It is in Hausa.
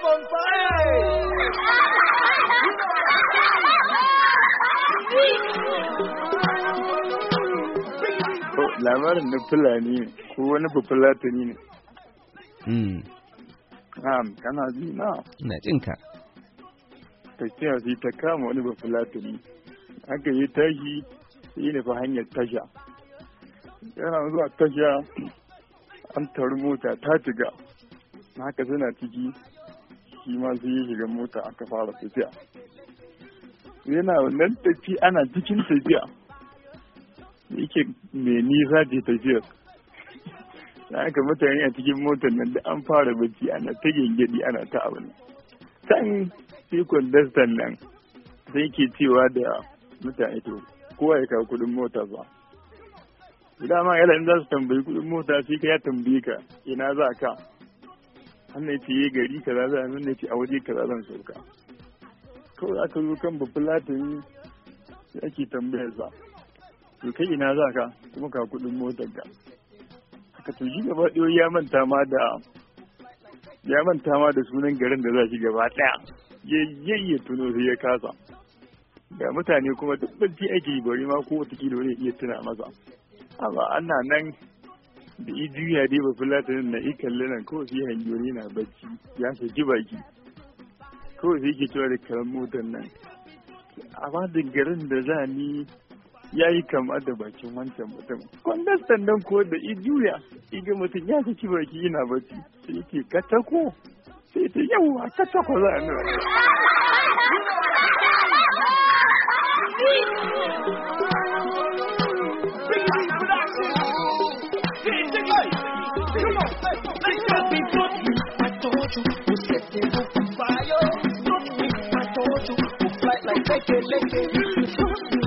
up on fire! Labarin na Fulani ne, ko wani Bafulatani ne. Hmm. Am, kana ji na? Ina jinka. Tafiya sai ta kama wani Bafulatani. Aka yi tashi, yi nufi hanyar tasha. Yana zuwa tasha, an taru mota ta tiga. haka suna ciki shi ma sai ya shiga mota aka fara tafiya yana nan tafi ana cikin tafiya yake mai nisa ce tafiyar na aka mutane a cikin motar nan da an fara bacci ana ta gengedi ana ta abin can shi kwandastan nan sai ke cewa da mutane to kowa ya kawo kudin mota ba dama yana za su tambayi kudin mota sai ka ya tambayi ka ina za ka An ce yi gari kaza za nuna ce a waje ka za zan sauka kawai aka zo kan babban latin ya ke tambayar sa to kai ina za ka kuma ka kuɗin motar ga aka to shi gaba ɗaya ya manta ma da ya manta ma da sunan garin da za shi gaba ɗaya ya yayya tuno sai ya kasa ga mutane kuma duk bacci ake bari ma ko wata wani iya tuna masa amma ana nan da i juya dai ba fulata na i kalli nan kawai sai hanyoyi na bacci ya saki baki kawai sai ke cewa da karan motar nan amma da garin da za ni ya yi kama da bakin wancan mutum kwandastan nan ko da i juya iga mutum ya saki baki yana bacci sai ke katako sai ta yawa katako za nuna you, set the hook on fire. Not me, I told you, fight like they can, they